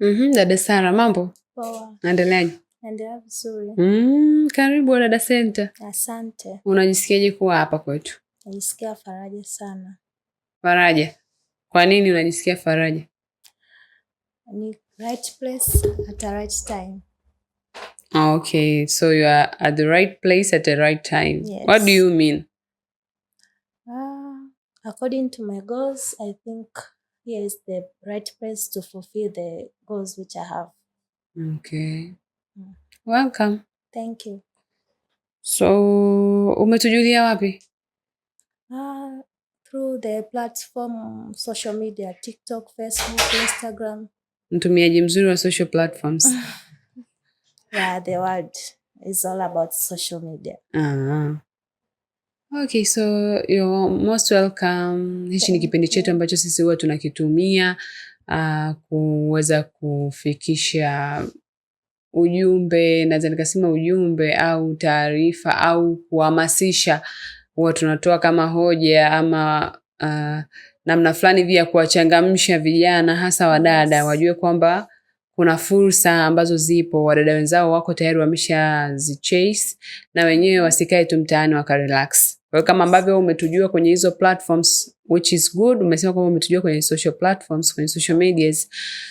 Mhm, dada Sara, mambo? Poa. Naendeleaje? Naendelea vizuri. Mm, karibu dada Senta. Asante. Unajisikiaje kuwa hapa kwetu? Najisikia faraja sana. Faraja? Kwa nini unajisikia faraja? Ni right place at the right time. Ah, okay, so you are at the right place at the right time. Yes. What do you mean? Uh, according to my goals, I think here is the right place to fulfill the goals which I have. Okay. Mm. Welcome. Thank you. So umetujulia wapi? Uh, through the platform social media, TikTok, Facebook, Instagram. Mtumiaji mzuri wa social platforms. Yeah, the world is all about social media. Ah. Okay, so you're most welcome. Hichi ni kipindi chetu ambacho sisi huwa tunakitumia uh, kuweza kufikisha ujumbe, naweza nikasema ujumbe au taarifa au kuhamasisha. Huwa tunatoa kama hoja ama uh, namna fulani hivi ya kuwachangamsha vijana, hasa wadada wajue kwamba kuna fursa ambazo zipo, wadada wenzao wako tayari wameshazichase, na wenyewe wasikae tu mtaani wakarelax. Kwa hiyo kama ambavyo umetujua kwenye hizo platforms which is good, umesema kwamba umetujua kwenye social platforms, kwenye social medias.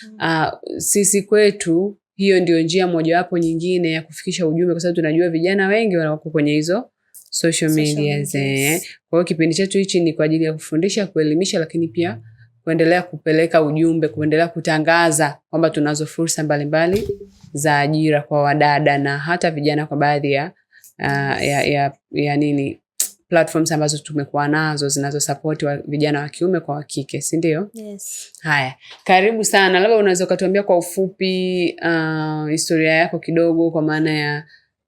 Mm. Uh, sisi kwetu hiyo ndio njia mojawapo nyingine ya kufikisha ujumbe, kwa sababu tunajua vijana wengi wako kwenye hizo social media. eh. Kwa hiyo kipindi chetu hichi ni kwa ajili ya kufundisha, kuelimisha, lakini pia mm. kuendelea kupeleka ujumbe, kuendelea kutangaza kwamba tunazo fursa mbalimbali za ajira kwa wadada na hata vijana kwa baadhi ya, uh, ya, ya, ya nini platforms ambazo tumekuwa nazo zinazosapoti vijana wa kiume kwa wakike kike, si ndio? Yes. Haya, karibu sana, labda unaweza ukatuambia kwa ufupi uh, historia yako kidogo, kwa maana ya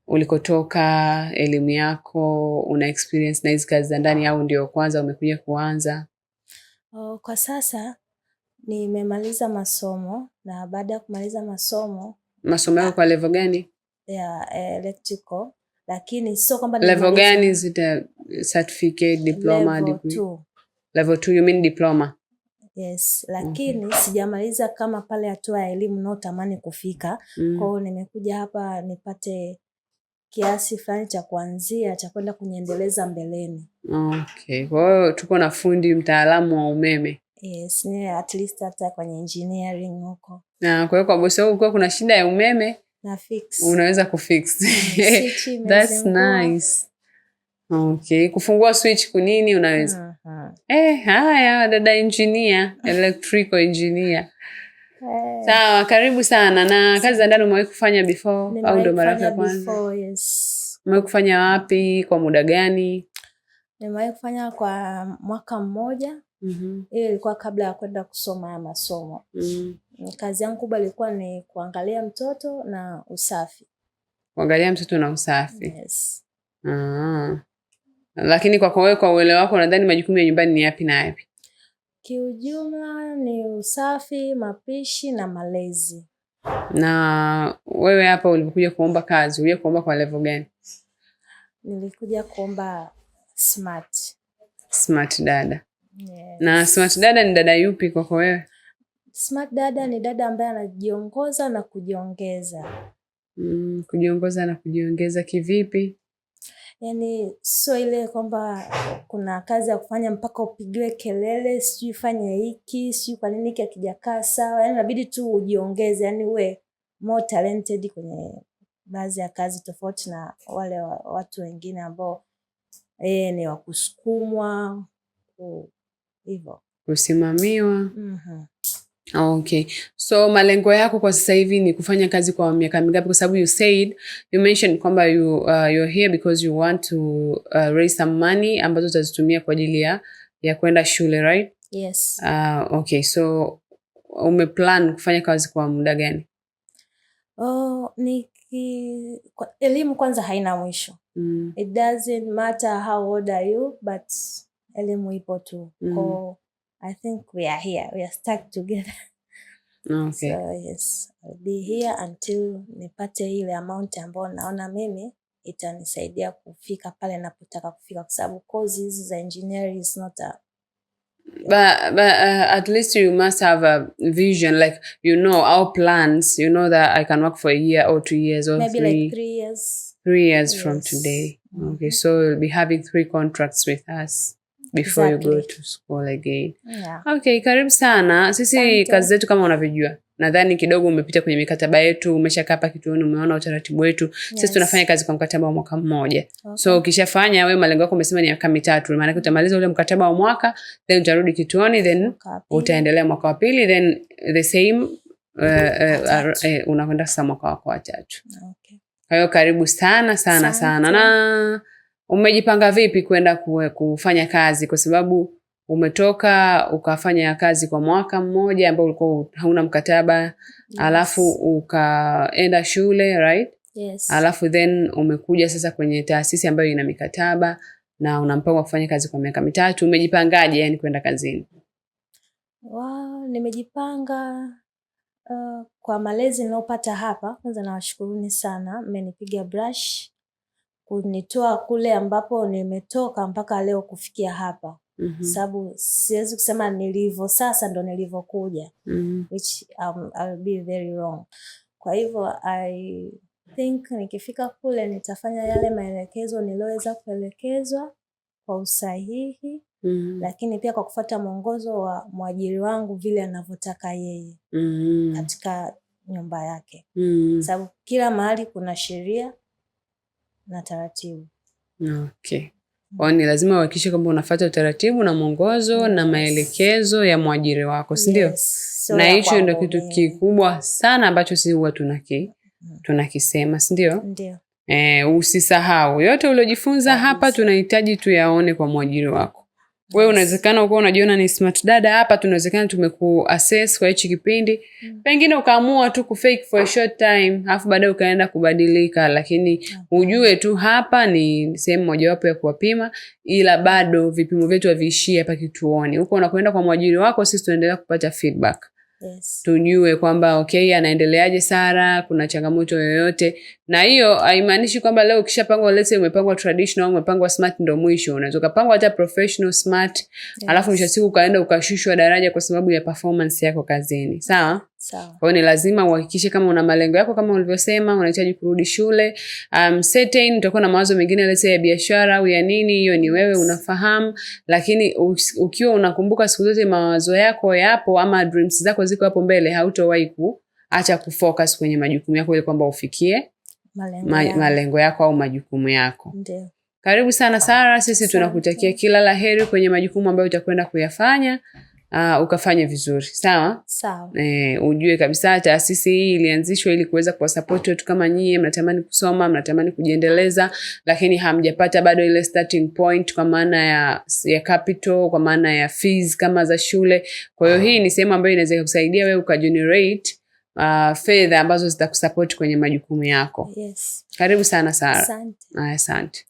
ulikotoka, elimu yako, una experience na hizi kazi za ndani au ndio kwanza umekuja kuanza? O, oh, kwa sasa nimemaliza masomo na baada ya kumaliza masomo. Masomo yako kwa level gani? Ya eh, electrical, lakini sio kwamba level gani zita certificate, diploma, level degree? Two. Level 2 you mean diploma? Yes, mm-hmm. lakini mm -hmm. sijamaliza kama pale hatua ya elimu naotamani kufika mm. Kwa hiyo nimekuja hapa nipate kiasi fulani cha kuanzia cha kwenda kuniendeleza mbeleni. Okay, kwa hiyo tuko na fundi mtaalamu wa umeme. Yes, ni at least hata kwenye engineering huko. Na kwa hiyo kwa bosi wako kwa kuna shida ya umeme na fix. Unaweza kufix. That's nice. Okay, kufungua switch kunini unaweza? Uh mm-hmm. -huh. Eh, haya dada engineer, electrical engineer. Hey. Sawa, karibu sana. Na kazi za ndani umewahi kufanya before au ndo mara ya kwanza? Yes. Umewahi kufanya wapi, kwa muda gani? Nimewahi kufanya kwa mwaka mmoja. Mm -hmm. ilikuwa kabla ya kwenda kusoma ya masomo. Mm. -hmm. Kazi yangu kubwa ilikuwa ni kuangalia mtoto na usafi. Kuangalia mtoto na usafi. Yes. Ah. Lakini kwako wewe, kwa uelewa wako, nadhani majukumu ya nyumbani ni yapi na yapi? Kiujumla ni usafi, mapishi na malezi. Na wewe hapa ulipokuja kuomba kazi, ulikuja kuomba kwa level gani? Nilikuja kuomba smart. Smart dada. Yes. Na smart dada ni dada yupi kwako wewe? Smart dada ni dada ambaye anajiongoza na kujiongeza. Mm, kujiongoza na kujiongeza kivipi? yani sio ile kwamba kuna kazi ya kufanya mpaka upigiwe kelele, sijui fanya hiki, sijui kwa nini hiki akijakaa sawa. Yani inabidi tu ujiongeze, yani uwe more talented kwenye baadhi ya kazi tofauti na wale wa, watu wengine ambao eh, ni wakusukumwa hivyo kusimamiwa. mm -hmm. Ah, okay. So malengo yako kwa sasa hivi ni kufanya kazi kwa miaka mingapi? Kwa sababu you said you mentioned kwamba you uh, you're here because you want to uh, raise some money ambazo utazitumia kwa ajili ya ya kwenda shule, right? Yes. Uh, okay. So umeplan kufanya kazi kwa muda gani? Oh, niki kwa, elimu kwanza haina mwisho. Mm. It doesn't matter how old are you but elimu ipo tu. Mm. Kwa I think we are here. We are stuck together. Okay. So, yes. I'll be here until nipate ile amount ambayo naona mimi itanisaidia kufika pale napotaka kufika kwa sababu kozi hizi za engineering is not a but but uh, at least you must have a vision like you know our plans you know that i can work for a year or two years or maybe three, like three years three years yes. from today okay mm-hmm. so you'll be having three contracts with us before exactly. you go to school again. Yeah. Okay, karibu sana. Sisi kazi zetu kama unavyojua nadhani kidogo umepita kwenye mikataba yetu, umeshakaa hapa kituoni, umeona utaratibu wetu. Yes. Sisi tunafanya kazi kwa mkataba wa mwaka mmoja. Okay. So ukishafanya we malengo yako umesema ni miaka mitatu, maana yake utamaliza ule mkataba wa mwaka, then utarudi kituoni, then utaendelea mwaka wa pili, then the same uh, uh, uh, unakwenda sasa mwaka wako wa Okay. Kwa hiyo karibu sana sana sana, sana. na umejipanga vipi kwenda kufanya kazi, kwa sababu umetoka ukafanya kazi kwa mwaka mmoja ambao ulikuwa hauna mkataba yes. Alafu ukaenda shule right? Yes. Alafu then umekuja sasa kwenye taasisi ambayo ina mikataba na una mpango wa kufanya kazi kwa miaka mitatu. Umejipangaje yani kwenda kazini? Wow, nimejipanga uh, kwa malezi niliyopata hapa. Kwanza nawashukuruni sana, mmenipiga brush kunitoa kule ambapo nimetoka mpaka leo kufikia hapa mm -hmm. Sababu siwezi kusema nilivyo sasa ndo nilivyokuja mm -hmm. which um, I'll be very wrong. Kwa hivyo I think nikifika kule nitafanya yale maelekezo niliyoweza kuelekezwa kwa usahihi mm -hmm. Lakini pia kwa kufuata mwongozo wa mwajiri wangu vile anavyotaka yeye mm -hmm. katika nyumba yake mm -hmm. Sababu kila mahali kuna sheria na taratibu. Okay. Kwa ni lazima uhakikishe kwamba unafuata utaratibu na mwongozo na maelekezo ya mwajiri wako, si ndio? Yes. So na hicho ndio kitu kikubwa sana ambacho sisi huwa tunaki mm-hmm. tunakisema, si ndio? Eh, usisahau yote uliojifunza hapa, tunahitaji tuyaone kwa mwajiri wako we unawezekana ukuwa unajiona ni smart dada hapa, tunawezekana tumekuassess kwa hichi kipindi mm. Pengine ukaamua tu kufake for a short time, alafu baadae ukaenda kubadilika, lakini mm. ujue tu hapa ni sehemu mojawapo ya kuwapima, ila bado vipimo vyetu haviishii hapa kituoni. Huko unakwenda kwa mwajiri wako, sisi tunaendelea kupata feedback. Yes. Tujue kwamba okay, anaendeleaje Sara, kuna changamoto yoyote. Na hiyo haimaanishi kwamba leo ukishapangwa, let's say umepangwa traditional au umepangwa smart ndio mwisho. Unaweza ukapangwa hata professional smart, yes. Alafu mwisho siku ukaenda ukashushwa daraja kwa sababu ya performance yako kazini. Sawa? Sawa. Kwa hiyo ni lazima uhakikishe kama una malengo yako kama ulivyosema unahitaji kurudi shule. Um, certain utakuwa na mawazo mengine let's say ya biashara au ya nini, hiyo ni wewe unafahamu, lakini ukiwa unakumbuka siku zote mawazo yako yapo ama dreams zako ziko hapo mbele, hautowahi kuacha kufocus kwenye majukumu yako ili kwamba ufikie malengo, ma, ya. malengo yako au majukumu yako. Ndiyo. Karibu sana Sara, sisi tunakutakia kila la heri kwenye majukumu ambayo utakwenda kuyafanya uh, ukafanya vizuri sawa sawa. E, ujue kabisa taasisi hii ilianzishwa ili kuweza kuwasapoti watu kama nyie, mnatamani kusoma, mnatamani kujiendeleza, lakini hamjapata bado ile starting point kwa maana ya, ya capital, kwa maana ya fees kama za shule. Kwa hiyo hii ni sehemu ambayo inaweza kusaidia wewe ukagenerate uh, fedha ambazo zitakusapoti kwenye majukumu yako. Yes. Karibu sana Sara. Asante.